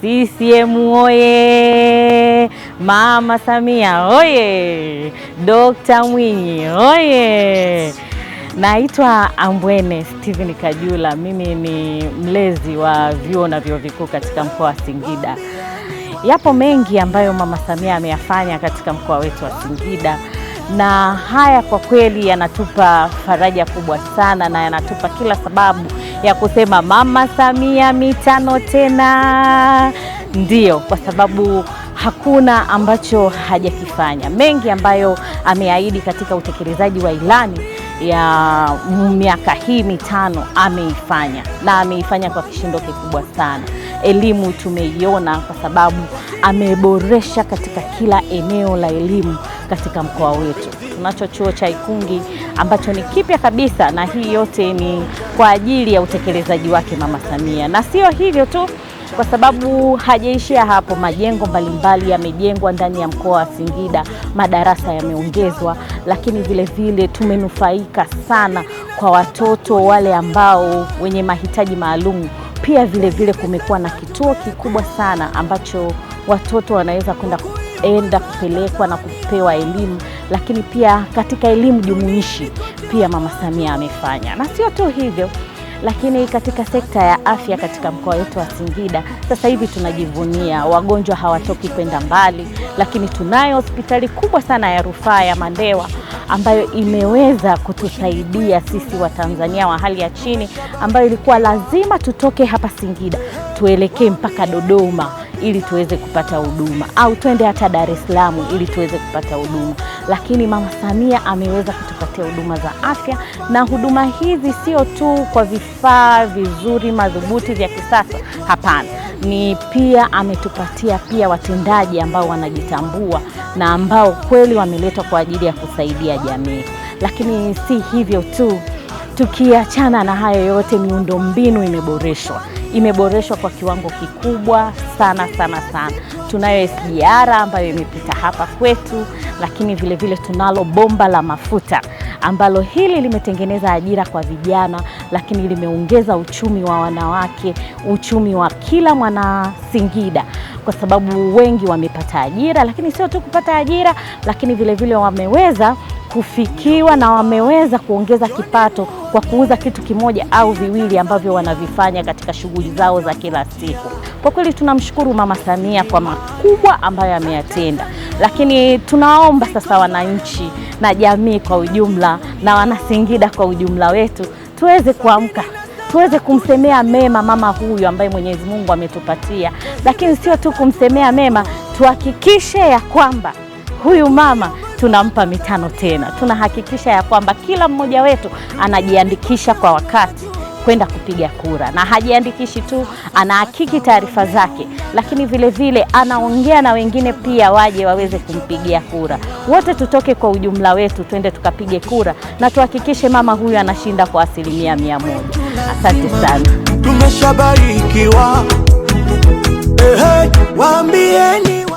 CCM oye! Mama Samia oye! Dokta Mwinyi oye! Naitwa Ambwene Steven Kajula, mimi ni mlezi wa vyuo na vyuo vikuu katika mkoa wa Singida. Yapo mengi ambayo Mama Samia ameyafanya katika mkoa wetu wa Singida, na haya kwa kweli yanatupa faraja kubwa sana na yanatupa kila sababu ya kusema Mama Samia mitano tena. Ndiyo, kwa sababu hakuna ambacho hajakifanya, mengi ambayo ameahidi katika utekelezaji wa ilani ya miaka hii mitano ameifanya, na ameifanya kwa kishindo kikubwa sana. Elimu tumeiona kwa sababu ameboresha katika kila eneo la elimu katika mkoa wetu. Tunacho chuo cha Ikungi ambacho ni kipya kabisa, na hii yote ni kwa ajili ya utekelezaji wake Mama Samia. Na sio hivyo tu, kwa sababu hajaishia hapo. Majengo mbalimbali yamejengwa ndani ya mkoa wa Singida, madarasa yameongezwa, lakini vile vile tumenufaika sana kwa watoto wale ambao wenye mahitaji maalum. Pia vile vile kumekuwa na kituo kikubwa sana ambacho watoto wanaweza kwenda kuenda kupelekwa na kupewa elimu lakini pia katika elimu jumuishi pia Mama Samia amefanya, na sio tu hivyo lakini katika sekta ya afya katika mkoa wetu wa Singida sasa hivi tunajivunia, wagonjwa hawatoki kwenda mbali, lakini tunayo hospitali kubwa sana ya rufaa ya Mandewa ambayo imeweza kutusaidia sisi Watanzania wa hali ya chini, ambayo ilikuwa lazima tutoke hapa Singida tuelekee mpaka Dodoma ili tuweze kupata huduma au twende hata Dar es Salaam ili tuweze kupata huduma, lakini Mama Samia ameweza kutupatia huduma za afya, na huduma hizi sio tu kwa vifaa vizuri madhubuti vya kisasa, hapana, ni pia ametupatia pia watendaji ambao wanajitambua na ambao kweli wameletwa kwa ajili ya kusaidia jamii. Lakini si hivyo tu, tukiachana na hayo yote, miundombinu imeboreshwa imeboreshwa kwa kiwango kikubwa sana sana sana. Tunayo SGR ambayo imepita hapa kwetu, lakini vile vile tunalo bomba la mafuta ambalo hili limetengeneza ajira kwa vijana, lakini limeongeza uchumi wa wanawake, uchumi wa kila mwana Singida kwa sababu wengi wamepata ajira, lakini sio tu kupata ajira, lakini vile vile wameweza kufikiwa na wameweza kuongeza kipato kwa kuuza kitu kimoja au viwili ambavyo wanavifanya katika shughuli zao za kila siku. Kwa kweli tunamshukuru Mama Samia kwa makubwa ambayo ameyatenda, lakini tunaomba sasa wananchi na jamii kwa ujumla na Wanasingida kwa ujumla wetu tuweze kuamka tuweze kumsemea mema mama huyu ambaye Mwenyezi Mungu ametupatia, lakini sio tu kumsemea mema, tuhakikishe ya kwamba huyu mama tunampa mitano tena. Tunahakikisha ya kwamba kila mmoja wetu anajiandikisha kwa wakati kwenda kupiga kura, na hajiandikishi tu, anahakiki taarifa zake, lakini vile vile anaongea na wengine pia waje waweze kumpigia kura. Wote tutoke kwa ujumla wetu, twende tukapige kura na tuhakikishe mama huyu anashinda kwa asilimia mia moja. Asante sana, tumeshabarikiwa. hey, waambieni